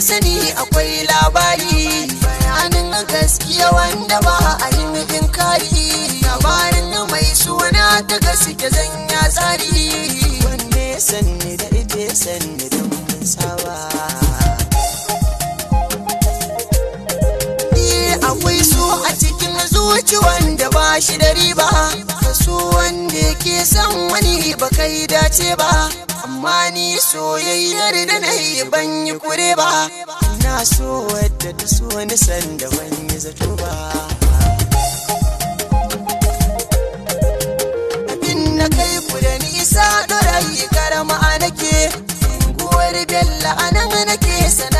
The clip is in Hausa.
sani akwai labari bayanin gaskiya wanda ba a yin kari labarin mai suna ta gaske zan ya tsari wanne sanni da ide sanni da mun saba akwai su a cikin zuci wanda ba shi da riba ka wanda ke san wani ba kai dace ba amma ni soyayyar da na yi ban yi kure ba na so wadda ta so ni sanda ban yi zato ba abin na kai ku da nisa ɗorayi karama a nake unguwar bella a nan nake sana